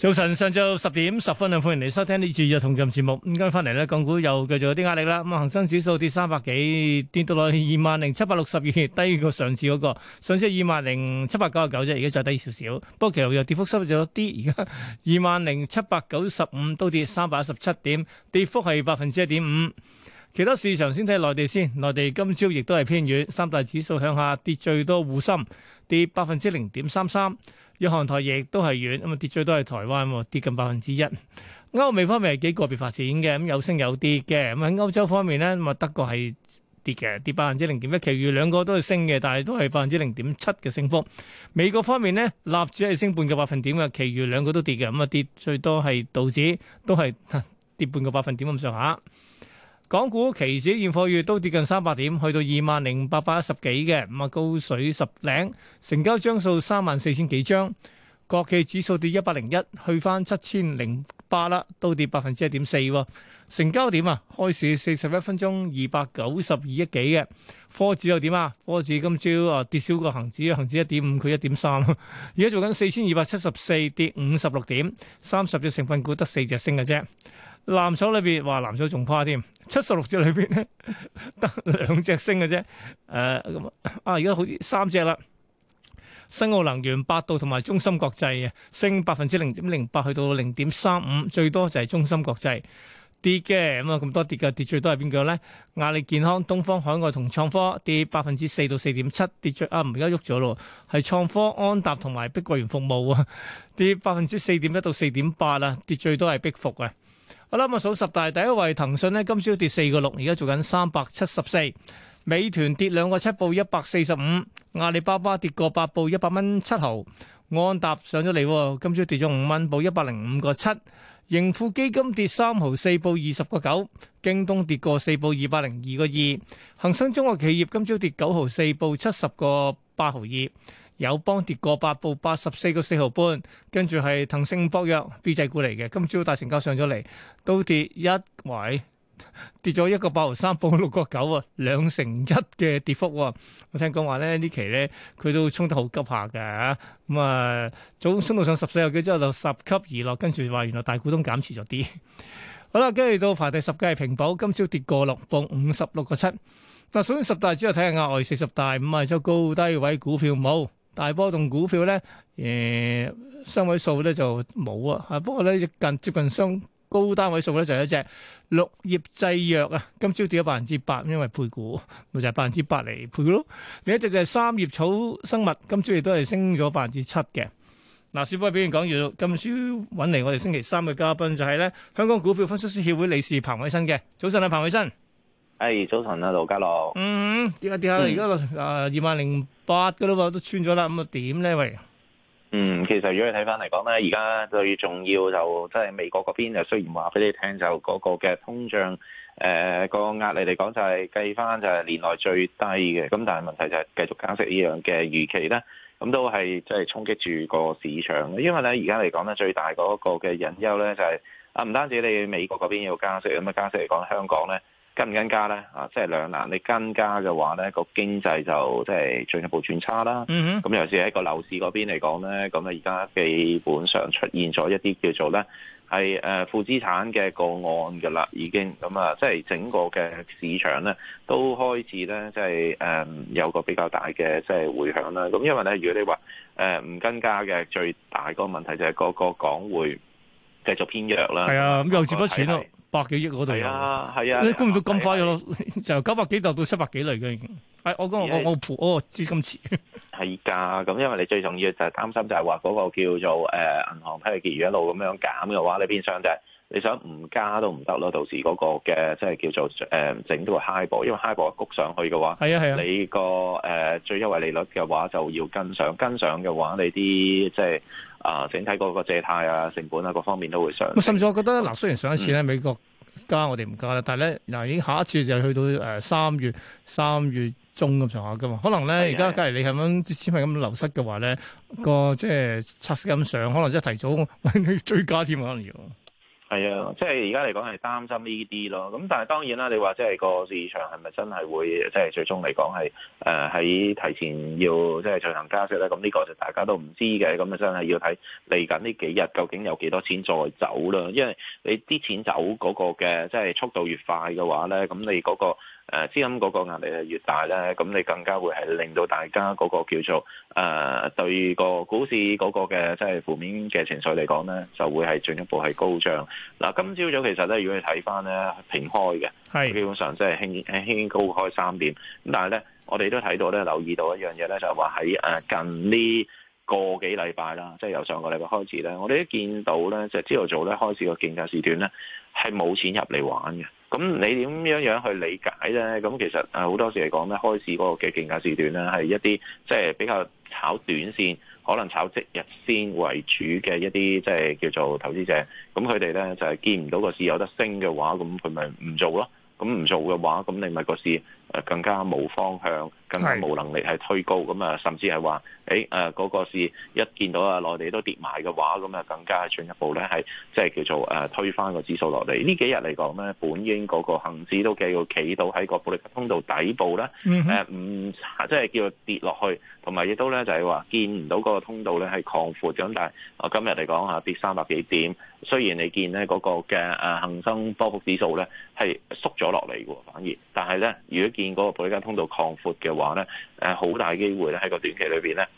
早晨，上晝十點十分啊，歡迎嚟收聽呢次日同日節目。咁跟翻嚟咧，港股又繼續有啲壓力啦。咁啊，恒生指數跌三百幾，跌到落去二萬零七百六十二，低過上次嗰個。上次係二萬零七百九十九啫，而家再低少少。不過其實又跌幅收咗啲，而家二萬零七百九十五都跌三百一十七點，17, 跌幅係百分之一點五。其他市場先睇內地先，內地今朝亦都係偏軟，三大指數向下跌最多，滬深跌百分之零點三三。日韓台亦都係軟，咁啊跌最多係台灣，跌近百分之一。歐美方面係幾個別發展嘅，咁有升有跌嘅。咁喺歐洲方面咧，咁啊德國係跌嘅，跌百分之零點一。其餘兩個都係升嘅，但係都係百分之零點七嘅升幅。美國方面咧，納指係升半個百分點嘅，其餘兩個都跌嘅，咁啊跌最多係道指都係跌半個百分點咁上下。港股期指現貨月都跌近三百點，去到二萬零八百一十幾嘅，咁啊高水十零，成交張數三萬四千幾張。國企指數跌一百零一，去返七千零八啦，都跌百分之一點四。成交點啊，開市四十一分鐘二百九十二億幾嘅。科指又點啊？科指今朝啊跌少過恒指，恒指一點五，佢一點三。而家做緊四千二百七十四，跌五十六點，三十隻成分股得四隻升嘅啫。藍籌裏邊，哇，藍籌仲怕添，七十六隻裏邊咧，得兩隻升嘅啫。誒，咁啊，啊而家好似三隻啦。新奧能源、百度同埋中芯國際啊，升百分之零點零八，去到零點三五，最多就係中芯國際跌嘅。咁啊，咁多跌嘅，跌最多係邊個咧？阿里健康、東方海外同創科跌百分之四到四點七，跌最啊唔而家喐咗咯，係創科安踏同埋碧桂園服務啊，跌百分之四點一到四點八啊，跌最多係碧服啊。好啦，咁數十大第一位，騰訊呢今朝跌四個六，而家做緊三百七十四。美團跌兩個七，報一百四十五。阿里巴巴跌個八，報一百蚊七毫。安踏上咗嚟，今朝跌咗五蚊，報一百零五個七。盈富基金跌三毫四，報二十個九。京東跌個四，報二百零二個二。恒生中國企業今朝跌九毫四，報七十個八毫二。友邦跌過八步八十四個四毫半，跟住係騰訊博約，B 仔股嚟嘅大波動股票咧，誒、呃、雙位數咧就冇啊，吓，不過咧近接近雙高單位數咧就有一隻綠葉製藥啊，今朝跌咗百分之八，因為配股咪就係百分之八嚟配咯。另一隻就係三葉草生物，今朝亦都係升咗百分之七嘅。嗱，小、啊、波表現講完，今朝揾嚟我哋星期三嘅嘉賓就係咧香港股票分析師協會理事彭偉新嘅。早晨啊，彭偉新。誒，hey, 早晨啊，盧家樂，嗯呃。嗯，點解點解而家誒二萬零八嘅啦嘛，都穿咗啦，咁啊點咧喂？嗯，其實如果你睇翻嚟講咧，而家最重要就即係美國嗰邊，就雖然話俾你聽就嗰個嘅通脹誒個壓力嚟講就係計翻就係年內最低嘅，咁但係問題就係繼續加息呢樣嘅預期咧，咁都係即係衝擊住個市場，因為咧而家嚟講咧最大嗰個嘅隱憂咧就係、是、啊唔單止你美國嗰邊要加息，咁啊加息嚟講香港咧。跟唔跟加咧？啊，即係兩難加。你跟加嘅話咧，個經濟就即係進一步轉差啦。咁、mm hmm. 尤其是喺個樓市嗰邊嚟講咧，咁咧而家基本上出現咗一啲叫做咧係誒負資產嘅個案㗎啦，已經咁啊、嗯，即係整個嘅市場咧都開始咧即係誒有個比較大嘅即係回響啦。咁因為咧，如果你話誒唔跟加嘅，最大個問題就係嗰個港匯繼續偏弱啦。係啊，咁又接不錢咯。嗯，看看百幾億嗰度，係啊，係啊，你估唔到咁快咯，就九百幾度到七百幾嚟嘅，已經係我講我我盤哦資金池係㗎，咁 因為你最重要就係擔心就係話嗰個叫做誒銀、呃、行結餘一路咁樣減嘅話，你變相就係、是、你想唔加都唔得咯，到時嗰個嘅即係叫做誒、呃、整到個 HIBOR，因為 HIBOR 谷上去嘅話，係啊係啊，啊你個誒、呃、最優惠利率嘅話就要跟上，跟上嘅話你啲即係。啊，整體嗰個借貸啊、成本啊各方面都會上。甚至我覺得嗱，嗯、雖然上一次咧美國加我哋唔加啦，但係咧嗱已經下一次就去到誒三月三月中，咁上下噶嘛。可能咧而家假如你係咁啲錢係咁流失嘅話咧，是是那個即係拆息咁上，可能即係提早追 加添可能要。係啊，即係而家嚟講係擔心呢啲咯。咁但係當然啦，你話即係個市場係咪真係會即係最終嚟講係誒喺提前要即係進行加息咧？咁、嗯、呢、這個就大家都唔知嘅。咁、嗯、啊真係要睇嚟緊呢幾日究竟有幾多錢再走啦。因為你啲錢走嗰個嘅即係速度越快嘅話咧，咁你嗰、那個。誒資金嗰個壓力係越大咧，咁你更加會係令到大家嗰個叫做誒、呃、對個股市嗰個嘅即係負面嘅情緒嚟講咧，就會係進一步係高漲。嗱、呃，今朝早其實咧，如果你睇翻咧平開嘅，係是基本上即係輕，輕輕高開三點。咁但係咧，我哋都睇到咧，留意到一樣嘢咧，就係話喺誒近呢個幾禮拜啦，即係由上個禮拜開始咧，我哋都見到咧，就朝頭早咧開市個競價時段咧係冇錢入嚟玩嘅。咁你點樣樣去理解咧？咁其實啊，好多時嚟講咧，開市嗰個嘅競價時段咧，係一啲即係比較炒短線，可能炒即日先為主嘅一啲即係叫做投資者。咁佢哋咧就係、是、見唔到個市有得升嘅話，咁佢咪唔做咯？咁唔做嘅話，咁你咪個市誒更加冇方向。更加無能力係推高，咁啊，甚至係話，誒、欸，誒、呃，嗰、那個市一見到啊內地都跌埋嘅話，咁啊，更加進一步咧係即係叫做誒、呃、推翻個指數落嚟。呢幾日嚟講咧，本應嗰個恆指都繼續企到喺個保歷加通道底部咧，誒唔即係叫佢跌落去，同埋亦都咧就係話見唔到嗰個通道咧係擴闊。咁但係我今日嚟講下跌三百幾點，雖然你見咧嗰個嘅誒恆生波幅指數咧係縮咗落嚟嘅，反而，但係咧如果見嗰個保歷加通道擴闊嘅，話咧，誒好大機會咧喺個短期裏邊咧，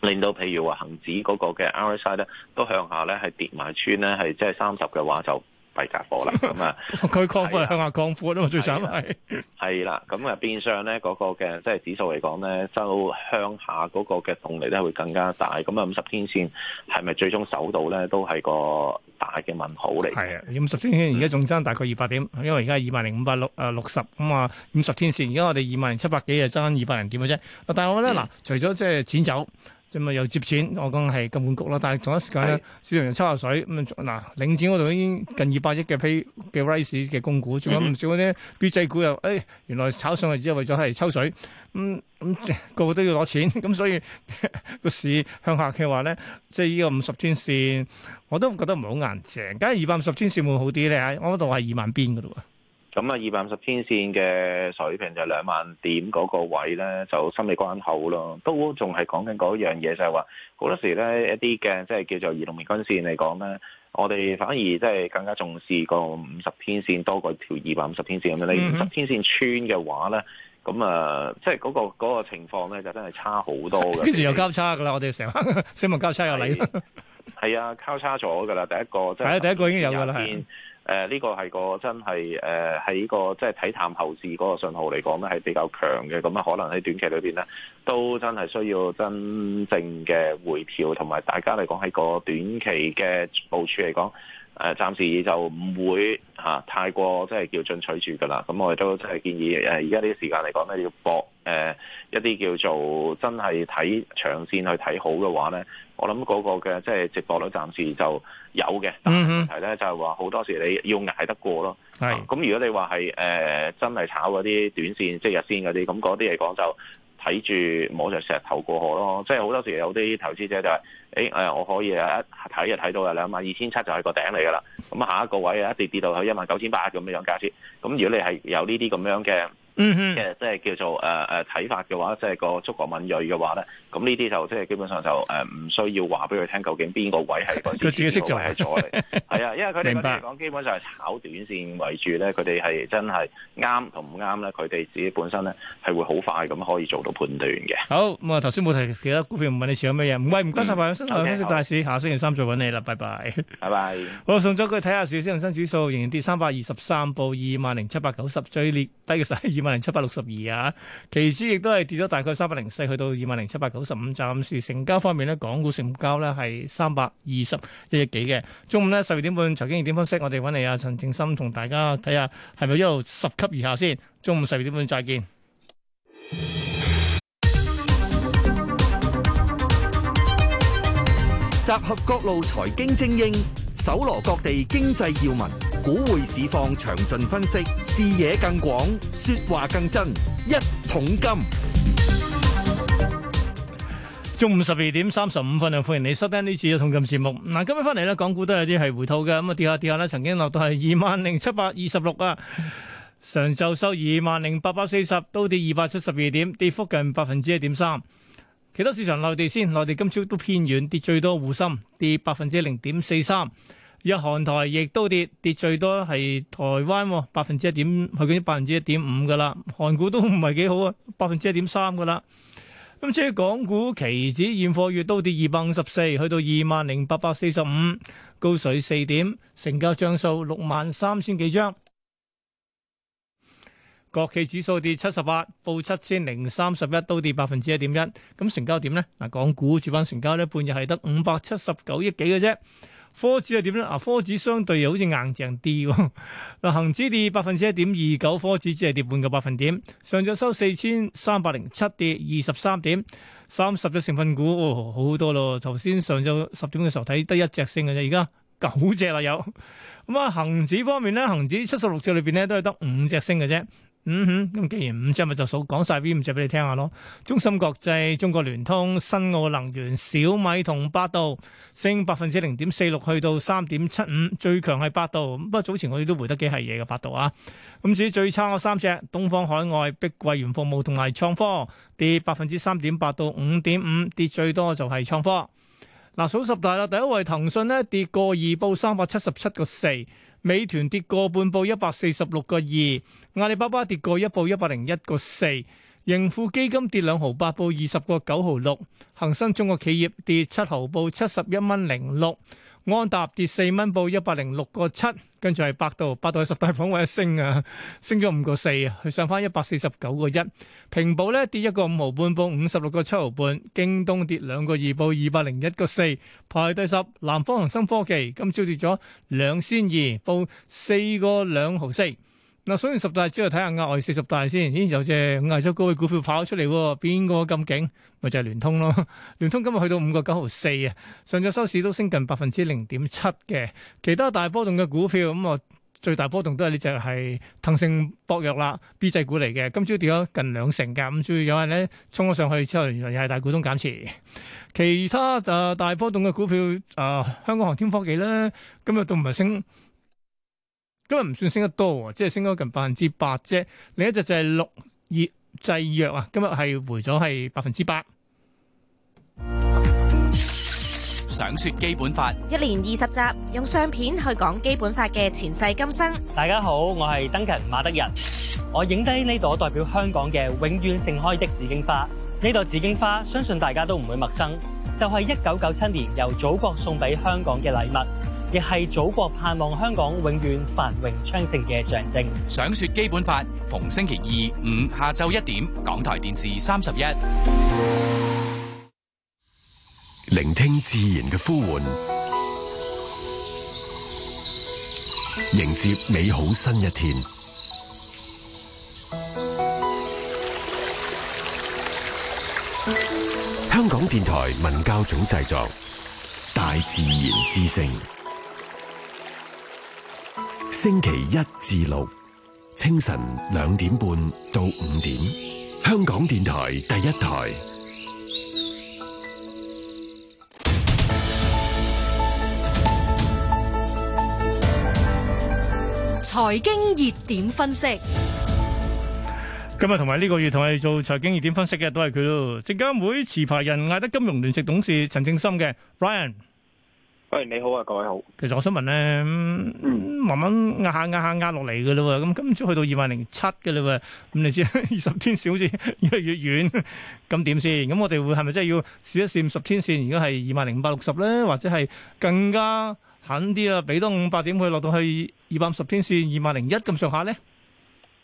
令到譬如話恒指嗰個嘅 RSI 咧都向下咧係跌埋穿咧，係即係三十嘅話就。係啦，咁 啊，佢擴闊向下擴闊啊嘛，最慘係，係啦，咁啊， 啊變相咧嗰、那個嘅即係指數嚟講咧，收向下嗰個嘅動力咧會更加大，咁啊五十天綫係咪最終守到咧，都係個大嘅問號嚟。係啊，五十天綫而家仲爭大概二百點，嗯、因為而家二萬零五百六啊六十，咁啊五十天綫而家我哋二萬零七百幾啊，爭二百零點嘅啫。但係我覺得，嗱，嗯、除咗即係錢走。咁咪又接錢，我講係金管局啦。但係同一時間咧，但市場又抽下水咁嗱、嗯啊，領展嗰度已經近二百億嘅批嘅 rights 嘅供股，仲有唔少嗰啲 BJ 股又，誒、哎、原來炒上去只係為咗係抽水，咁、嗯、咁、嗯、個個都要攞錢，咁、嗯、所以個 市向下嘅話咧，即係依個五十天線，我都覺得唔係好硬淨，梗係二百五十天線會好啲咧。我嗰度係二萬邊嘅咯喎。咁啊，二百五十天線嘅水平就兩萬點嗰個位咧，就心理關口咯，都仲係講緊嗰樣嘢，就係話好多時咧，一啲嘅即係叫做移動平均線嚟講咧，我哋反而即係更加重視個五十天線多過條二百五十天線咁樣。你五十天線穿嘅話咧，咁啊、呃，即係嗰、那個嗰、那個情況咧，就真係差好多嘅。跟住 又交叉噶啦，我哋成，日成日交叉有例。係啊，交叉咗噶啦，第一個 第一個已經有噶啦。天 誒呢、呃這個係個真係誒喺個即係睇淡後市嗰個信號嚟講咧，係比較強嘅，咁啊可能喺短期裏邊咧都真係需要真正嘅回調，同埋大家嚟講喺個短期嘅部署嚟講。誒，暫時就唔會嚇、啊、太過，即係叫進取住噶啦。咁我哋都真係建議誒，而家呢啲時間嚟講咧，要搏誒、呃、一啲叫做真係睇長線去睇好嘅話咧，我諗嗰個嘅即係值博率暫時就有嘅。但問題咧就係話好多時你要捱得過咯。係、啊。咁是如果你話係誒真係炒嗰啲短線、即、係、日線嗰啲，咁嗰啲嚟講就。睇住摸着石頭過河咯，即係好多時有啲投資者就係，是，誒誒我可以一睇就睇到啦，兩萬二千七就係個頂嚟噶啦，咁下一個位啊，一跌跌到去一萬九千八咁嘅樣價錢，咁如果你係有呢啲咁樣嘅。嗯，嘅即係叫做誒誒睇法嘅話，即係個觸角敏鋭嘅話咧，咁呢啲就即係基本上就誒唔需要話俾佢聽，究竟邊個位係佢 自己識就係左嚟，係啊，因為佢哋講基本上係炒短線為主咧，佢哋係真係啱同唔啱咧，佢哋自己本身咧係會好快咁可以做到判斷嘅。好，咁啊頭先冇提其他股票，唔問你持有咩嘢，唔係唔該曬，民生頭先分析大市，的下星期三再揾你啦，拜拜，拜拜 bye。好，送咗佢睇下，首先恒生指數仍然跌三百二十三，報二萬零七百九十追跌低嘅十二萬。萬零七百六十二啊，期指亦都係跌咗大概三百零四，去到二萬零七百九十五，暫時成交方面呢，港股成交呢係三百二十一億幾嘅。中午呢，十二點半財經熱點分析，我哋揾嚟啊。陳正心同大家睇下係咪一路十級以下先。中午十二點半，二二點半再見。集合各路財經精英，搜羅各地經濟要聞，股匯市況詳盡分析。視野更廣，說話更真，一桶金。中午十二點三十五分，又歡迎你收聽呢次嘅《一桶金》節目。嗱，今日翻嚟咧，港股都有啲係回吐嘅，咁啊跌下跌下啦，曾經落到係二萬零七百二十六啊。上晝收二萬零八百四十，都跌二百七十二點，跌幅近百分之一點三。其他市場內地先，內地今朝都偏遠，跌最多滬深跌百分之零點四三。日韓台亦都跌，跌最多係台灣，百分之一點，去緊百分之一點五㗎喇。韓股都唔係幾好啊，百分之一點三㗎喇。咁至於港股期指現貨月都跌二百五十四，去到二萬零八百四十五，高水四點，成交張數六萬三千幾張。國企指數跌七十八，報七千零三十一，都跌百分之一點一。咁成交點咧？嗱，港股主板成交咧，半日係得五百七十九億幾嘅啫。科指係點咧？啊，科指相對又好似硬淨啲。嗱，恒指跌百分之一點二九， 29，科指只係跌半個百分點。上晝收四千三百零七，跌二十三點，三十隻成分股哦，好多咯。頭先上晝十點嘅時候睇得一隻升嘅啫，而家九隻啦有。咁啊，恒指方面咧，恒指七十六隻裏邊咧都係得五隻升嘅啫。嗯哼，咁既然五隻咪就數講晒 V 五隻俾你聽下咯。中芯國際、中國聯通、新奧能源、小米同百度升百分之零點四六，去到三點七五，最強係百度。不過早前我哋都回得幾係嘢嘅百度啊。咁至於最差嗰三隻，東方海外、碧桂園服務同埋創科跌百分之三點八到五點五，跌最多就係創科嗱。數十大啦，第一位騰訊呢跌過二，報三百七十七個四；美團跌過半，報一百四十六個二。阿里巴巴跌過一毫，報一百零一個四，盈富基金跌兩毫八，報二十個九毫六。恒生中國企業跌七毫，報七十一蚊零六。安踏跌四蚊，報一百零六個七。跟住係百度，百度係十大股位一升啊，升咗五個四啊，佢上翻一百四十九個一。平保咧跌一個五毫半，報五十六個七毫半。京東跌兩個二，報二百零一個四，排第十。南方恒生科技今朝跌咗兩仙二，報四個兩毫四。嗱，數完十大之後睇下額外四十大先，咦？有隻五亞洲高嘅股票跑咗出嚟喎，邊個咁勁？咪就係聯通咯。聯通今日去到五個九毫四啊，上晝收市都升近百分之零點七嘅。其他大波動嘅股票，咁啊最大波動都係呢隻係騰訊博弱啦，B 制股嚟嘅，今朝跌咗近兩成㗎。咁所以有啲人咧衝咗上去之後，原來又係大股東減持。其他啊大波動嘅股票啊，香港航天科技咧，今日都唔係升。今日唔算升得多，即係升咗近百分之八啫。另一隻就係綠葉製藥啊，今日係回咗係百分之八。想說基本法，一連二十集，用相片去講基本法嘅前世今生。大家好，我係登勤馬德仁。我影低呢朵代表香港嘅永遠盛開的紫荊花，呢朵紫荊花，相信大家都唔會陌生，就係一九九七年由祖國送俾香港嘅禮物。亦係祖國盼望香港永遠繁榮昌盛嘅象徵。想說基本法，逢星期二五下晝一點，港台電視三十一。聆聽自然嘅呼喚， 迎接美好新一天。 香港電台文教組製作《大自然之聲》。星期一至六清晨兩點半到五點，香港電台第一台財經熱點分析。今日同埋呢個月同我哋做財經熱點分析嘅都係佢咯，證監會持牌人艾德金融聯席董事陳正深嘅 Brian。喂，你好啊，各位好。其實我想問咧，嗯，慢慢壓下壓下壓落嚟嘅咯，咁今朝去到二萬零七嘅嘞喎，咁你知二十天線好似越嚟越遠，咁點先？咁我哋會係咪真係要試一試五十天線？如果係二萬零五百六十咧，或者係更加狠啲啊，俾多五百點去落到去二百五十天線二萬零一咁上下咧？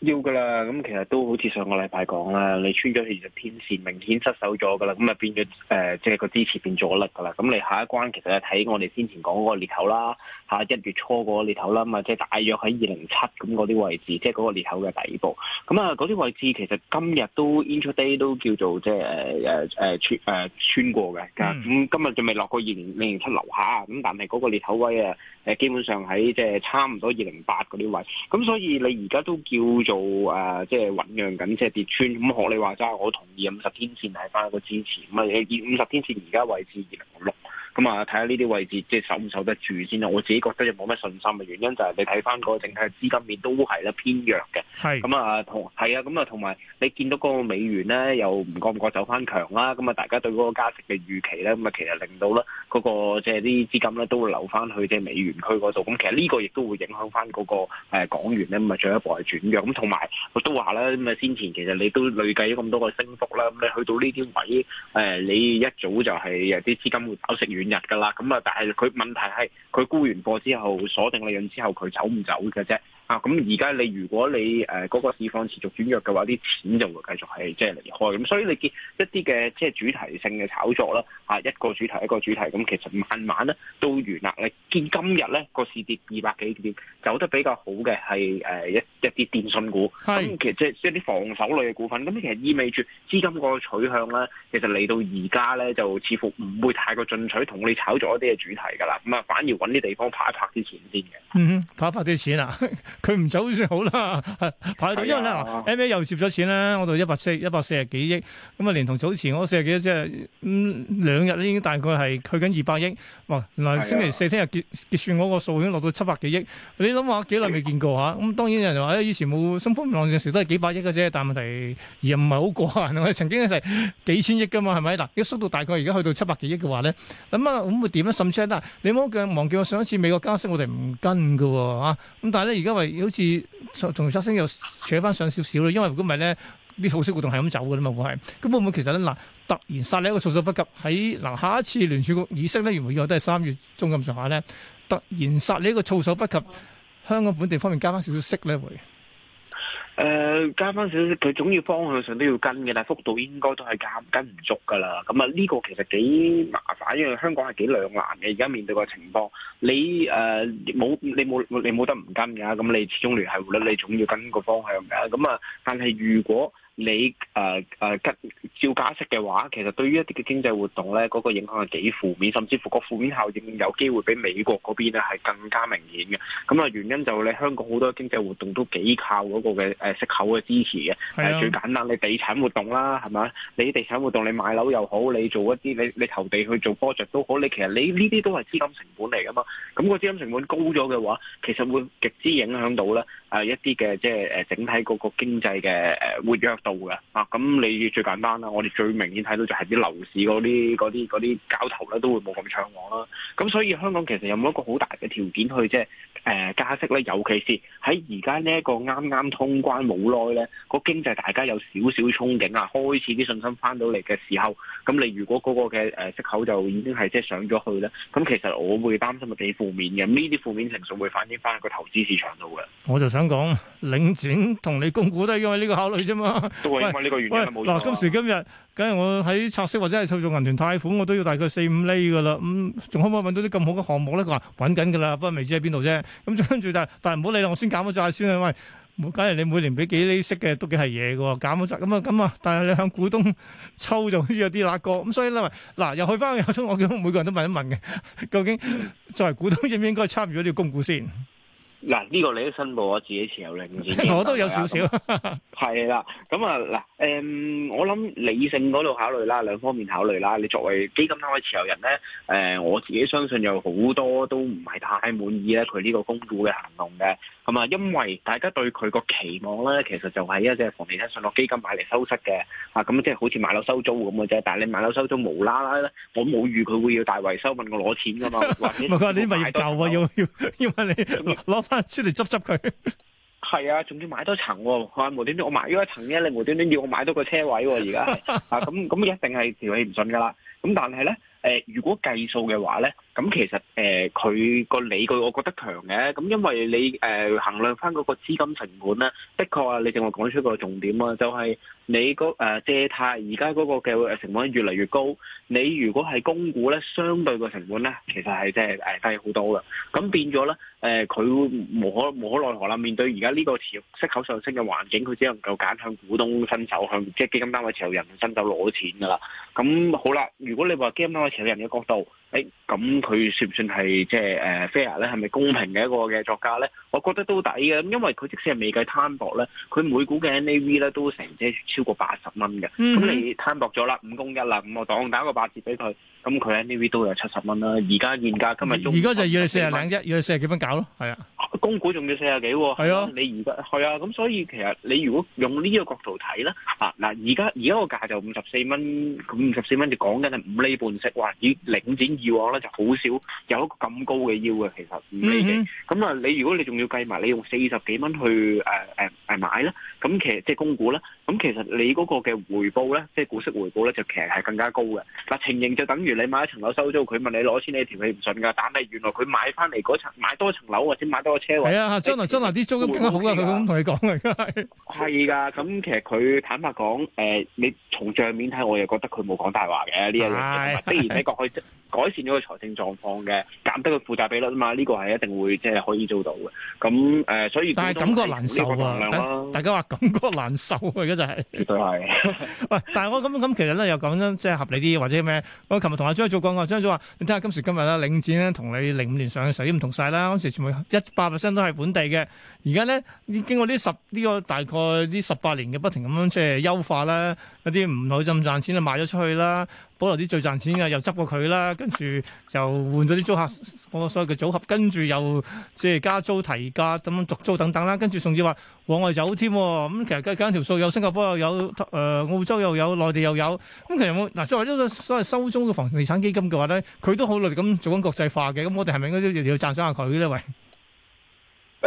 要噶啦，咁其實都好似上個禮拜講啦，你穿咗其實天線明顯失守咗噶啦，咁啊變咗誒，即、呃、係、就是、個支持變咗阻力噶啦，咁你下一關其實係睇我哋先前講嗰個裂口啦，嚇一月初嗰個裂口啦，咁啊即係大約喺二零七咁嗰啲位置，即係嗰個裂口嘅底部。咁啊嗰啲位置其實今日都 intraday 都叫做即係誒誒誒穿誒、呃、穿過嘅，咁、嗯、今日仲未落過二零二零七樓下咁，但係嗰個裂口位啊。誒基本上喺即係差唔多二零八嗰啲位，咁所以你而家都叫做誒即係醖釀緊即係跌穿，咁學你話齋，我同意五十天線係翻一個支持，咁啊二五十天線而家位置二零五六。咁啊，睇下呢啲位置即係守唔守得住先啦。我自己覺得就冇乜信心嘅原因就係、是、你睇翻個整體嘅資金面都係咧偏弱嘅。咁啊是、嗯，同係啊，咁啊同埋你見到嗰個美元咧又唔覺唔覺走翻強啦。咁啊，大家對嗰個加息嘅預期咧，咁啊其實令到咧、那、嗰個即係啲資金咧都會留翻去即係美元區嗰度。咁其實呢個亦都會影響翻嗰個誒港元咧。咁啊進一步係轉弱。咁同埋我都話啦，咁啊先前其實你都累計咗咁多個升幅啦。咁你去到呢啲位誒，你一早就係有啲資金會走食完日噶啦，咁啊，但係佢問題係佢沽完貨之後鎖定利潤之後，佢走唔走嘅啫。啊，咁而家你如果你誒嗰，呃嗰個市況持續轉弱嘅話，啲錢就會繼續係即係離開，咁所以你見一啲嘅即係主題性嘅炒作啦，啊一個主題一個主題，咁其實慢慢咧都完啦。你見今日咧個市跌二百幾點，走得比較好嘅係誒一一啲電信股，咁是其實即係一啲防守類嘅股份，咁其實意味住資金個取向咧，其實嚟到而家咧就似乎唔會太過進取，同你炒作一啲嘅主題噶啦，咁啊反而揾啲地方拍一拍啲錢先嘅。嗯哼，拍，拍一拍啲錢啊！ 佢唔走算好啦， 排隊，因為咧 Yeah.，M A 又接咗錢啦。我度一百七一百四廿幾億，咁啊連同早前嗰四十幾億即係，咁、嗯、兩日咧已經大概係去緊二百億，哇！嗱，星期四聽日結結算嗰個數已經落到七百幾億，你諗下幾耐未見過嚇？咁 Yeah.、啊嗯、當然有人話、哎、以前冇風浪陣時都係幾百億嘅啫，但係問題而唔係好過啊！我曾經係幾千億㗎嘛，係咪嗱？要縮到大概而家去到七百幾億嘅話咧，咁啊咁會點咧？甚至得？你唔好忘記我上一次美國加息，我哋唔跟㗎喎，咁但係咧而家好似同沙生又扯翻上少少啦，因為如果唔係咧，啲套息活動係咁走噶啦嘛，會係咁會唔會其實咧嗱，突然殺你一個措手不及喺嗱下一次聯儲局議息咧，原本以為都係三月中咁上下咧，突然殺你一個措手不及，香港本地方面加翻少少息咧會。 誒、呃、加翻少少，佢總要方向上都要跟嘅，但係幅度應該都係跟跟唔足㗎啦。咁、嗯、啊，呢、嗯、個其實幾麻煩，因為香港係幾兩難嘅。而家面對個情況，你誒冇、呃、你冇你冇得唔跟㗎，咁、嗯、你始終聯繫匯率，你總要跟個方向㗎。咁、嗯、啊，但係如果，你誒誒跟照加息嘅話，其實對於一啲嘅經濟活動咧，嗰、嗰個影響係幾負面，甚至乎個負面效應有機會比美國嗰邊咧係更加明顯嘅。咁、嗯、啊，原因就你香港好多經濟活動都幾靠嗰個嘅誒息口嘅支持嘅，啊、最簡單，你地產活動啦，係咪？你地產活動你買樓又好，你做一啲你你投地去做 project 都好，你其實你呢啲都係資金成本嚟㗎嘛。咁、嗯、嗰個資金成本高咗嘅話，其實會極之影響到咧誒、呃、一啲嘅即係誒整體嗰個經濟嘅誒活躍到嘅啊，咁你最簡單啦，我哋最明顯睇到就係啲樓市嗰啲啲啲交投咧都會冇咁搶旺啦。咁所以香港其實有冇一個好大嘅條件去即係誒加息咧？尤其是喺而家呢一個啱啱通關冇耐咧，個經濟大家有少少憧憬啊，開始啲信心翻到嚟嘅時候，咁你如果嗰個嘅誒息口就已經係即係上咗去咧，咁其實我會擔心嘅幾負面嘅，咁呢啲負面情緒會反映翻喺個投資市場度嘅。我就想講領展同你供股都係因為呢個考慮啫嘛。都因呢原因喂，嗱、啊，今時今日，假如我喺拆息或者係湊足銀團貸款，我都要大概四五厘噶啦。咁、嗯、仲可唔可以搵到啲咁好嘅項目咧？佢話搵緊噶啦，不過未知喺邊度啫。咁跟住就，但係唔好理啦，我先減咗晒先啦。喂，假如你每年俾幾厘息嘅都幾係嘢噶，減咗晒咁啊咁啊。但係你向股東抽就好似有啲辣哥。咁所以咧，嗱，又去翻入出，我見每個人都問一問嘅，究竟作為股東應唔應該參與呢條公股先？嗱，呢、這個你都申報我自己持有量先，我都有少少，係啦。咁啊，嗱，誒，我諗理性嗰度考慮啦，兩方面考慮啦。你作為基金單位持有人咧，誒、呃，我自己相信有好多都唔係太滿意咧佢呢個供股嘅行動嘅。咁啊，因為大家對佢個期望咧，其實就係一隻房地產信託基金買嚟收息嘅，啊咁、嗯、即係好似買樓收租咁嘅啫。但係你買樓收租無啦啦咧，我冇預佢會要大維修，問我攞錢㗎 嘛？佢話你咪係要啊，要要要你攞翻出嚟執執佢。係啊，仲要買多層喎。我無端端我買咗一層嘅，你無端端要我買多個車位喎、哦。而家 啊咁咁一定係條氣唔順㗎啦。咁但係咧。誒、呃，如果計數嘅話咧，咁其實誒佢個理據，我覺得強嘅，咁因為你誒、呃、衡量翻嗰個資金成本咧，的確啊，你正話講出個重點啊，就係、是。你嗰誒借貸而家嗰個嘅成本越嚟越高，你如果係供股咧，相對個成本咧，其實係即係誒低好多嘅。咁變咗咧，誒佢無可無可奈何啦。面對而家呢個持續，息口上升嘅環境，佢只能夠揀向股東伸手，向即係基金單位持有人伸手攞錢㗎啦。咁好啦，如果你話基金單位持有人嘅角度。咁佢、哎、算唔算係即係誒 fair 咧？係、呃、咪 公平嘅一個嘅作價咧？我覺得都抵嘅，因為佢即使係未計攤薄咧，佢每股嘅 NAV 咧都成即係超過八十蚊嘅。咁、嗯、哼你攤薄咗啦，五公一啦，咁我當打個八折俾佢。咁佢咧呢邊都有七十蚊啦，而家、嗯、現價今日而家就要你四廿零一，要，你四啊、要四廿幾蚊搞咯，係啊，公股仲要四廿幾喎，係你而家係啊，咁所以其實你如果用呢個角度睇咧，啊嗱，而家而家個價就五十四蚊，咁五十四蚊就講緊係五厘半息，哇！以領展以往咧就好少有一個咁高嘅腰嘅，其實五厘嘅，咁啊、嗯哼，你如果你仲要計埋你用四十幾蚊去誒誒誒買咧，咁其實即係公股咧，咁其實你嗰個嘅回報咧，即係股息回報咧，就其實係更加高嘅。嗱、呃，情形就等於。你買一層樓收租，佢問你攞錢，你條氣唔順㗎。但係原來佢買翻嚟嗰層，買多層樓或者買多個車位。係啊，將來將來啲租金更加好啊？佢咁同你講㗎，係 㗎。咁其實佢坦白講，誒、呃，你從帳面睇，我又覺得佢冇講大話嘅呢一樣嘢。當的是然美國可的改善咗個財政狀況嘅，減低個負債比率啊嘛，呢、這個係一定會即係可以做到嘅。咁誒、呃，所以但係感覺難受啊！啊大家話感覺難受啊！而家就係、是，都對 喂，但係我咁咁，其實咧又講真，即係合理啲或者咩？我琴日同阿張總講，我話張總話：你睇下今時今日啦，領展咧同你零五年上嘅時候啲唔同晒啦。嗰時全部一百 percent 都係本地嘅，而家咧經過呢十呢、這個大概呢十八年嘅不停咁樣即係優化啦，有啲唔好咁賺錢就賣咗出去啦。保留啲最賺錢嘅，又執過佢啦，跟住又換咗啲租客，嗰所謂嘅組合，跟住又即係加租提價，咁續租等等啦，跟住甚至話往外走添。咁、嗯、其實計計緊條數，有新加坡又有誒、呃、澳洲又有內地又有。咁、嗯、其實我嗱、啊、作為一個所謂收租嘅房地產基金嘅話咧，佢都好努力咁做緊國際化嘅。咁我哋係咪應該要讚賞下佢咧？喂？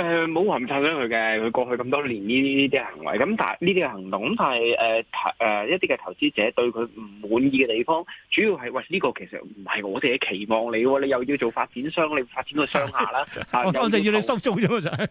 誒冇含蓄咗佢嘅，佢、呃、過去咁多年呢啲行為咁，但係呢啲行動咁，但係誒誒一啲嘅投資者對佢唔滿意嘅地方，主要係喂呢、呢個其實唔係我哋嘅期望嚟，你，你又要做發展商，你發展到商廈啦，我我就要你收租啫嘛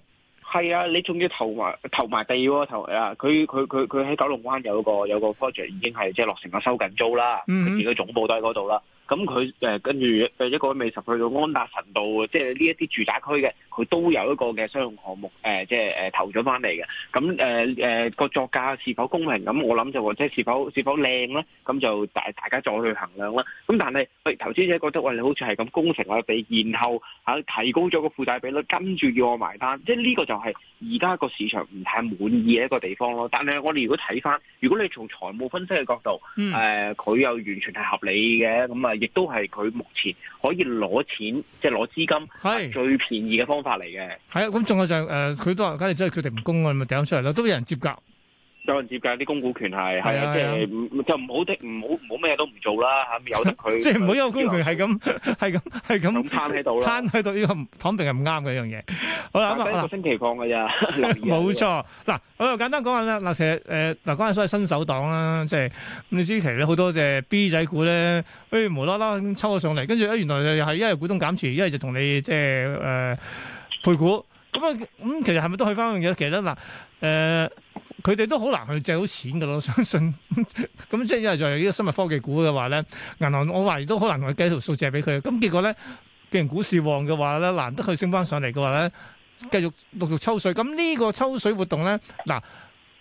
係，啊，你仲 要投埋、 啊、投埋地喎，投地啊，佢佢佢佢喺九龍灣有個有個 project 已經係即係落成啊收緊租啦，佢 自己總部都喺嗰度啦。咁佢誒跟住誒一個未實去到安達臣道，即係呢一啲住宅區嘅，佢都有一個嘅商用項目誒，即係誒投咗翻嚟嘅。咁誒誒個作價是否公平？咁我諗就或者是否是否靚咧？咁就大大家再去衡量啦。咁但係誒投資者覺得話你好似係咁公平，我俾，然後嚇提高咗個負債比率，跟住要我埋單，即係呢個就係而家個市場唔太滿意嘅一個地方咯。但係我哋如果睇翻，如果你從財務分析嘅角度，誒佢又完全係合理嘅，咁啊～亦都係佢目前可以攞錢，即係攞資金係最便宜嘅方法嚟嘅。係啊，咁仲有就誒、係，佢、呃、都話，梗係真係決定唔公案，咪掟出嚟咯，都有人接格。再接㗎啲公股權，係係啊，即係就唔好的唔好唔好咩都唔做啦嚇，有得佢即係唔好有公股權係咁係咁係咁攤喺度啦，攤喺度呢個躺平係唔啱嘅一樣嘢。好啦，嗱個星期放㗎咋，冇錯嗱，我又簡單講下啦嗱。其實誒嗱講下所謂新手黨啦，即係你知其實好多嘅 B 仔股咧，誒無啦啦抽咗上嚟，跟住原來又係一係股東減持，一係就同你即係誒配股，咁啊咁其實係咪都去返一樣嘢其實嗱誒。佢哋都好難去借到錢噶咯，相信咁 即係，因為就係呢個生物科技股嘅話咧，銀行我懷疑都好難同佢計條數借俾佢。咁結果咧，既然股市旺嘅話咧，難得佢升翻上嚟嘅話咧，繼續陸續抽水。咁呢個抽水活動咧，嗱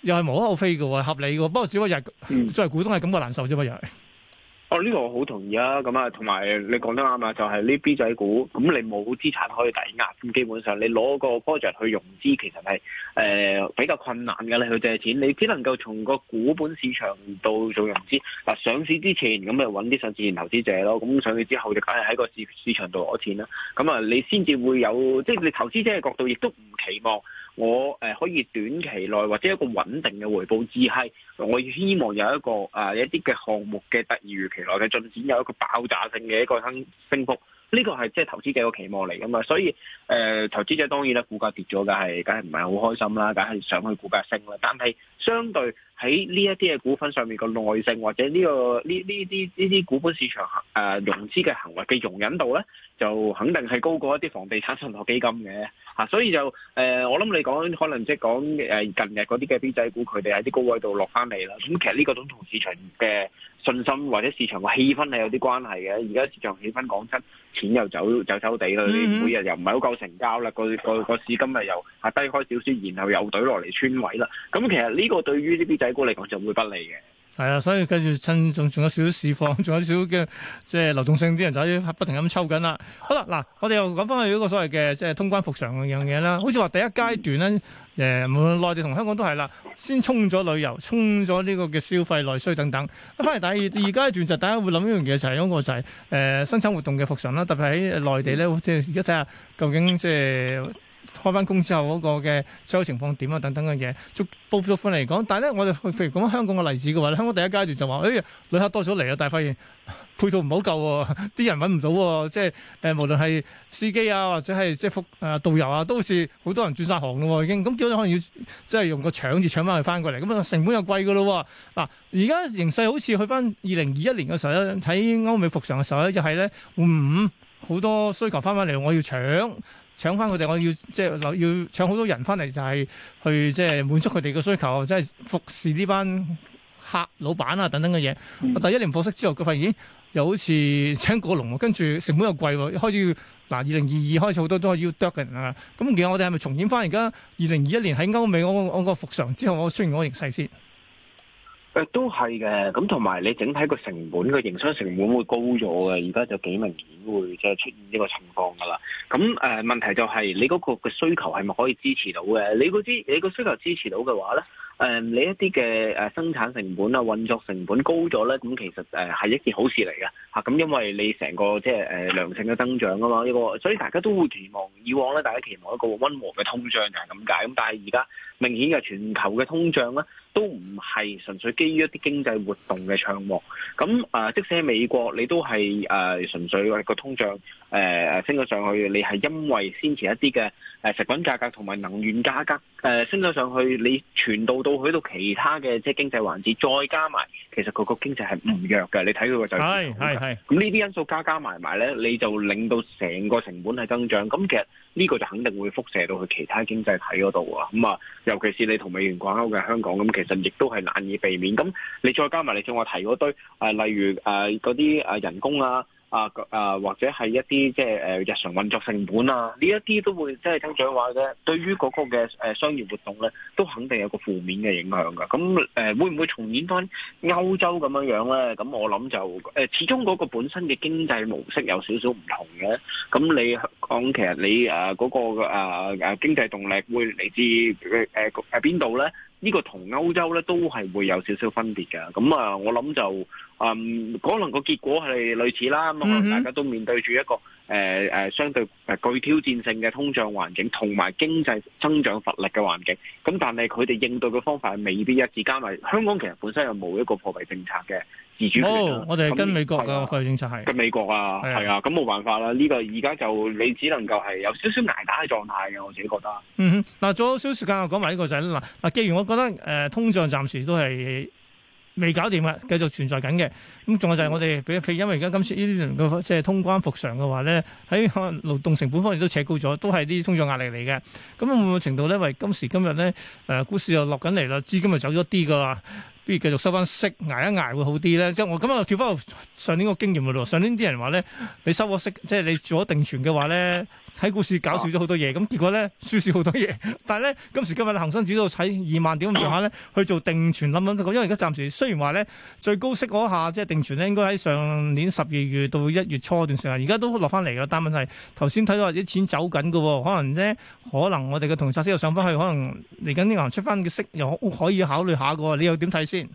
又係無可厚非嘅、合理嘅。不過只不過、嗯、作為股東係感覺難受啫嘛，又係。哦，呢、這個我好同意啊！咁啊，同埋你講得啱啊，就係、是、呢 B 仔股，咁你冇資產可以抵押，咁基本上你攞個 project 去融資，其實係誒、呃、比較困難㗎。你去借錢，你只能夠從個股本市場度做融資。嗱、啊，上市之前咁咪揾啲上市前投資者咯。咁上市之後，就梗係喺個市市場度攞錢啦。咁啊，你先至會有，即係你投資者嘅角度，亦都唔期望。我誒可以短期內或者一個穩定嘅回報，只係我希望有一個誒、啊、一啲嘅項目嘅突如其來嘅進展，有一個爆炸性嘅一個升升幅。呢個係即係投資者個期望嚟㗎嘛，所以誒、呃、投資者當然啦，股價跌咗㗎係，梗係唔係好開心啦，梗係想去股價升啦。但係相對喺呢一啲嘅股份上面個耐性，或者呢、這個呢呢啲呢啲股本市場誒、呃、融資嘅行為嘅容忍度咧，就肯定係高過一啲房地產信託基金嘅嚇、啊。所以就誒、呃，我諗你講可能即係講誒近日嗰啲嘅 B 仔股，佢哋喺啲高位度落翻嚟啦。咁其實呢個都同市場嘅信心或者市場嘅氣氛係有啲關係嘅。而家市場氣氛講真。錢又走走走地啦，每日又唔係好夠成交啦，個個個市今日又係低開少少，然後又隊落嚟穿位啦，咁其實呢個對於啲仔股嚟講就會不利嘅。係、嗯、啊，所以跟住趁仲仲有少少釋放，仲有少少嘅即係流動性啲人就不停咁抽緊啦。好啦，嗱，我哋又講翻去一個所謂嘅即係通關復常嗰樣嘢啦，好似話第一階段咧。誒，yeah，內地同香港都係啦，先衝咗旅遊，衝咗呢個嘅消費內需等等。翻嚟第二，而家轉就大家會諗一樣嘢，就係嗰個就係、是、誒、呃、生產活動嘅復常啦，特別喺內地咧。我即係而家睇下究竟即係。開翻工之後嗰個嘅社會情況點啊等等嘅嘢，捉報咗翻嚟講，但係咧我哋譬如講香港嘅例子嘅話咧，香港第一階段就話，哎旅客多咗嚟啊，但係發現配套唔好夠喎、哦，啲人揾唔到喎、哦，即係誒無論係司機啊或者係即係服誒導遊啊，都好似好多人轉晒行咯、哦、已經，咁叫咗可能要即係用個搶要搶翻去翻過嚟，咁啊成本又貴噶咯喎，嗱而家形勢好似去翻二零二一年嘅時候咧，睇歐美復常嘅時候咧，又係咧，唔、嗯、好多需求翻翻嚟，我要搶。搶翻佢哋，我要即係要搶好多人翻嚟，就係、是、去即係滿足佢哋嘅需求，即係服侍呢班客、老闆啊等等嘅嘢。但係、嗯、一年貨息之後，佢發現又好似請過龍，跟住成本又貴，開始嗱二零二二開始好多都係要 degree 人啦。咁嘅我哋係咪重演翻而家二零二一年喺歐美我我個復常之後我雖然我形勢先？都係嘅，咁同埋你整體個成本個營商成本會高咗嘅，而家就幾明顯會即係出現呢個情況㗎啦。咁誒、呃、問題就係、是、你嗰個嘅需求係咪可以支持到嘅？你嗰、那個、你個需求支持到嘅話咧，誒、呃、你一啲嘅誒生產成本啊、運作成本高咗咧，咁、嗯、其實誒係、呃、一件好事嚟嘅嚇。咁、啊、因為你成個即係誒良性嘅增長啊嘛，呢、這個所以大家都會期望以往咧，大家期望一個溫和嘅通脹就係咁解。咁但係而家明顯係全球嘅通脹咧。都唔係純粹基於一啲經濟活動嘅暢旺，咁誒、呃、即使喺美國，你都係誒、呃、純粹個通脹誒、呃、升咗上去，你係因為先前一啲嘅誒食品價格同埋能源價格。誒，升咗上去，你傳導到去到其他嘅即係經濟環節，再加埋，其實佢個經濟係唔弱嘅。你睇佢個就係係係。咁呢啲因素加加埋埋咧，你就令到成個成本係增長。咁其實呢個就肯定會輻射到去其他經濟體嗰度啊。咁、嗯、啊，尤其是你同美元掛鈎嘅香港，咁其實亦都係難以避免。咁你再加埋你叫我提嗰堆誒、呃，例如誒嗰啲誒人工啊。啊啊，或者係一啲即係誒日常運作成本啊，呢一啲都會即係增長話咧，對於嗰個嘅誒商業活動咧，都肯定有個負面嘅影響㗎。咁誒、呃、會唔會重演返歐洲咁樣樣咧？咁我諗就誒、呃，始終嗰個本身嘅經濟模式有少少唔同嘅。咁你講其實你、呃嗰個、啊嗰個啊啊經濟動力會嚟自誒誒誒邊度咧？呃呢個同歐洲咧都係會有少少分別嘅，咁、嗯、啊，我諗就啊、嗯，可能個結果係類似啦，咁可能大家都面對住一個。誒誒、呃，相對誒具、呃、挑戰性嘅通脹環境，同埋經濟增長乏力嘅環境，咁但係佢哋應對嘅方法係未必一致。加埋香港其實本身又冇一個貨幣政策嘅自主、哦，我哋係跟美國嘅貨幣政策係，跟美國啊，係啊，咁冇、啊、辦法啦。呢、這個而家就你只能夠係有少少捱打嘅狀態嘅，我自己覺得。嗯哼，嗱、這個，仲有少少時間，我講埋呢個就係嗱嗱，既然我覺得誒、呃，通脹暫時都係未搞掂啊！繼續存在緊嘅，咁仲有就係我哋，譬如因為而家今次呢輪嘅即係通關復常嘅話咧，喺可能勞動成本方面都扯高咗，都係啲通脹壓力嚟嘅。咁會唔會程度咧？為今時今日咧，誒股市又落緊嚟啦，資金又走咗啲噶啦，不如繼續收翻息，捱一捱會好啲咧。即係我今日跳翻上年個經驗㗎咯。上年啲人話咧，你收咗息，即係你做咗定存嘅話咧。睇故事搞笑咗好多嘢，咁結果咧輸少好多嘢。但係咧，今時今日恒生指數喺二萬點咁上下咧，去做定存諗諗，因為而家暫時雖然話咧最高息嗰下即係定存咧，應該喺上年十二月到一月初段時間，而家都落翻嚟㗎。但係問題頭先睇到話啲錢走緊㗎喎，可能咧可能我哋嘅同拆息又上翻去，可能嚟緊呢行出翻嘅息又可以考慮下㗎喎，你又點睇先？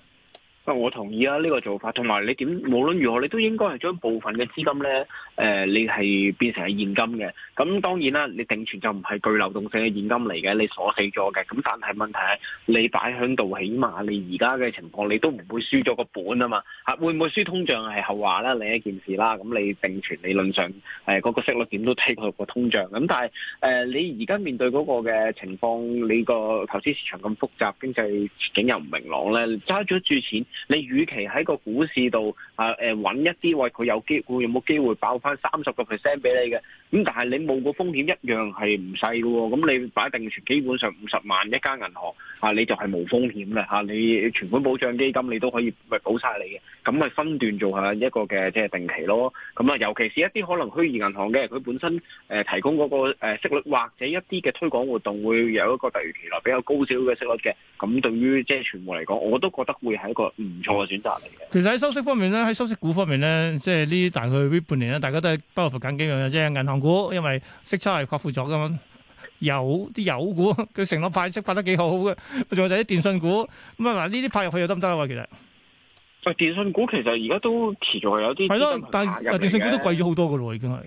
我同意啊，呢個做法。同埋你點，無論如何，你都應該係將部分嘅資金呢，誒，你係變成係現金嘅。咁當然啦，你定存就唔係具流動性嘅現金嚟嘅，你鎖死咗嘅。咁但係問題係，你擺喺度，起碼你而家嘅情況，你都唔會輸咗個本啊嘛。嚇，會唔會輸通脹係後話啦，另一件事啦。咁你定存理論上，誒，嗰個息率點都低過個通脹。咁但係，誒，你而家面對嗰個嘅情況，你個投資市場咁複雜，經濟前景又唔明朗呢，揸咗住一注錢。你與其喺個股市度，啊誒揾一啲話佢有機會有冇機會爆翻三十個 percent 俾你嘅，咁但係你冇個風險一樣係唔細嘅喎，咁你擺定存基本上五十萬一間銀行啊，你就係冇風險啦嚇，你存款保障基金你都可以咪保晒你嘅，咁咪分段做下一個嘅即係定期咯，咁啊尤其是一啲可能虛擬銀行嘅，佢本身誒提供嗰個息率或者一啲嘅推廣活動會有一個突然期間比較高少少嘅息率嘅，咁對於即係存款嚟講我都覺得會係一個。唔錯嘅選擇嚟嘅。其實喺收息方面咧，喺收息股方面咧，即係呢大概呢半年咧，大家都係包括緊幾樣嘅，即係銀行股，因為息差係發富咗㗎嘛。有啲油股佢承諾派息派得幾好好嘅，仲有就啲電信股。咁啊嗱，呢啲派入去又得唔得啊？其實，啊，電信股其實而家都持續有啲係咯，但係電信股都貴咗好多㗎咯，已經係。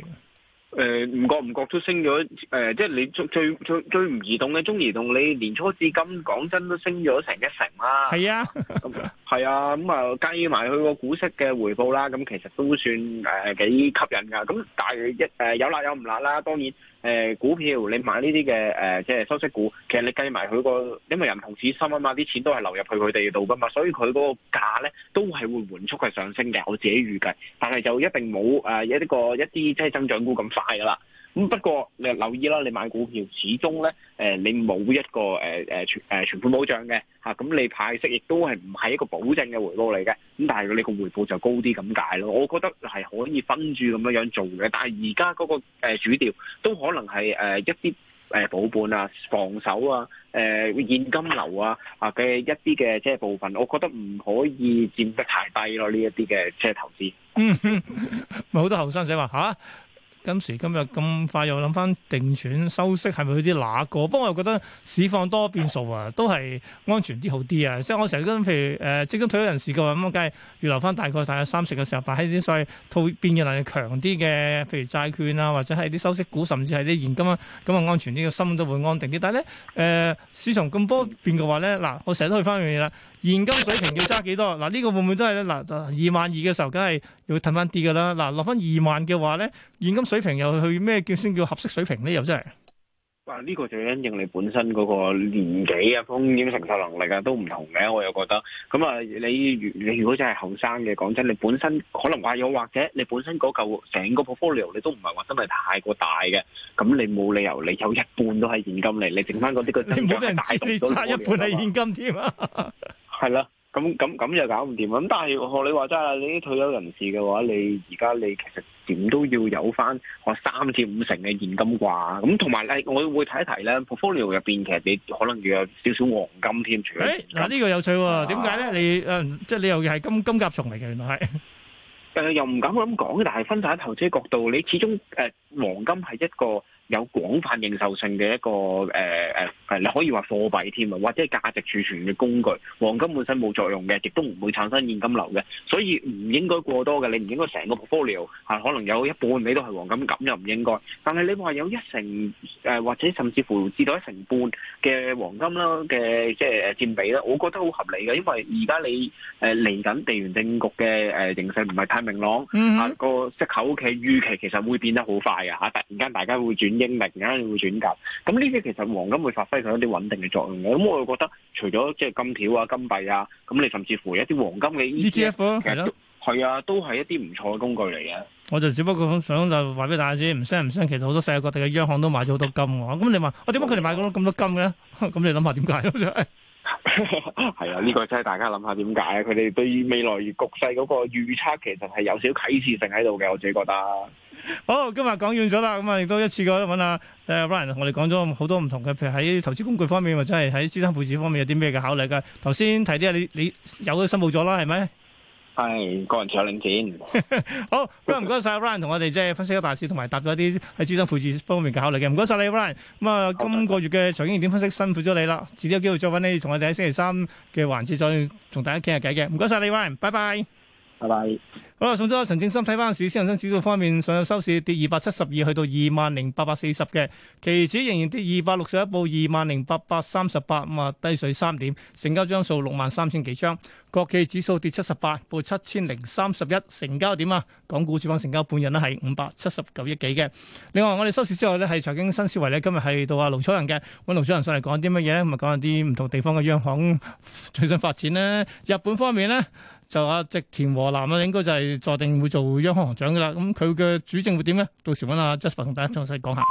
誒唔覺唔覺都升咗誒、呃，即係你最最最最唔移動嘅中移動，你年初至今講真都升咗成一成啦。係啊。 係啊，咁啊計埋佢個股息嘅回報啦，咁、嗯、其實都算誒幾、呃、吸引噶。咁但係一誒有辣有唔辣啦。當然誒、呃、股票你買呢啲嘅誒即係收息股，其實你計埋佢個，因為人同錢深啊嘛，啲錢都係流入去佢哋度噶嘛，所以佢嗰個價咧都係會緩速係上升嘅。我自己預計，但係就一定冇誒、呃、一啲個一啲即係增長股咁快噶啦。咁不過你留意啦，你買股票始終咧，誒你冇一個誒誒存存款保障嘅嚇，咁你派息亦都係唔係一個保證嘅回報嚟嘅。咁但係你個回報就高啲咁解咯。我覺得係可以分住咁樣樣做嘅。但係而家嗰個誒主調都可能係誒一啲誒保本啊、防守啊、誒現金流啊啊嘅一啲嘅即係部分，我覺得唔可以佔得太低咯。呢一啲嘅即係投資。嗯，咪好多後生仔話嚇。今時今日咁快又諗翻定存收息係咪去啲揦過？不過我又覺得市況多變數啊，都係安全啲好啲啊！即係我成日都譬如誒，積、呃、金退休人士嘅話咁，我梗係預留翻大概大概三成嘅時候擺喺啲所謂套變嘅能力強啲嘅，譬如債券啊，或者係啲收息股，甚至係啲現金啊，咁啊安全啲嘅心都會安定啲。但係咧誒，市場咁多變嘅話咧，嗱，我成日都去翻樣嘢啦。現金水平要揸幾多？嗱，呢個會唔會都係咧？嗱，二萬二嘅時候，梗係要褪翻啲㗎啦。嗱，落翻二萬嘅話咧，現金水平又去咩叫先叫合適水平咧？又真係，哇！呢個就因應你本身嗰個年紀啊、風險承受能力啊都唔同嘅。我又覺得咁啊，你你如果真係後生嘅，講真，你本身可能話又或者你本身嗰嚿成個 portfolio 你都唔係話真係太過大嘅，咁你冇理由你有一半都係現金嚟，你剩翻嗰啲個真係大你揸一半係現金添啊！ 係啦，咁咁咁又搞唔掂，咁但係學你話齋啊，你啲退休人士嘅話，你而家你其實點都要有翻，話三至五成嘅現金啩，咁同埋咧，我會睇一提咧，portfolio 入邊其實你可能要有少少黃金添，嗱呢個有趣喎，啊，點解咧？你誒，即係你又係金金甲蟲嚟嘅，原來係誒、呃，又唔敢咁講，但係分散喺投資角度，你始終誒、呃，黃金係一個。有廣泛認受性嘅一個誒誒，係你可以話貨幣添啊，或者係價值儲存嘅工具。黃金本身冇作用嘅，亦都唔會產生現金流嘅，所以唔應該過多嘅。你唔應該成個 portfolio 係、啊、可能有一半尾都係黃金咁又唔應該。但係你話有一成誒、呃，或者甚至乎至到一成半嘅黃金啦嘅，即係佔比咧，我覺得好合理嘅。因為而家你誒嚟緊地緣政局嘅誒形勢唔係太明朗，啊個即係息口預期其實會變得好快嘅嚇、啊，突然間大家會轉。英明啊，會轉嫁。咁呢啲其實黃金會發揮佢一啲穩定嘅作用嘅。咁我又覺得，除咗即係金條啊、金幣啊，咁你甚至乎一啲黃金嘅 E T F 咯，係咯，係啊，都係的一啲唔錯嘅工具嚟嘅。我就只不過想就話俾大家知，唔聲唔聲，其實好多世界各地嘅央行都買咗好多金喎、啊。咁你問我點解佢哋買咗咁多金嘅？咁 你諗下點解。係 啊，呢、這個真係大家諗下點解佢哋對未來局勢嗰個預測，其實係有少少啟示性喺度嘅。我自己覺得，好，今日講完咗啦，咁啊，亦都一次過都問下誒，Brian，、呃、我哋講咗好多唔同嘅，譬如喺投資工具方面，或者係喺資產配置方面有啲咩嘅考慮㗎。頭先提啲啊，你你有都申報咗啦，係咪？係、哎、個人想領錢 好，唔該晒 Ryan 同我哋即係分析大市，同埋答咗一啲喺資金配置方面嘅考慮嘅。唔該晒你 Ryan 咁啊，Ryan 嗯、的今個月嘅財經熱點分析辛苦咗你啦。遲啲有機會再揾你，同我哋喺星期三嘅環節再同大家傾下偈嘅。唔該晒你 Ryan 拜拜。Ryan bye bye 拜拜，好啦，好啦，送咗阿陳正深睇翻市，先恒生指數方面，上日收市跌二百七十二，去到二萬零八百四十嘅，期指仍然跌二百六十一，報二萬零八百三十八，咁啊低水三點，成交張數六萬三千幾張，國企指數跌七十八，報七千零三十一，成交點啊，港股主板成交半日呢係五百七十九億幾嘅。另外我哋收市之後呢係財經新思維呢今日係到阿盧楚人嘅，搵盧楚人上嚟講啲乜嘢呢？咁啊講下啲唔同地方嘅央行最新發展呢。日本方面呢。就啊，植田和男啊，應該就係坐定會做央行行長噶啦。咁佢嘅主政會點咧？到時搵阿 Jasper 同大家詳細講下。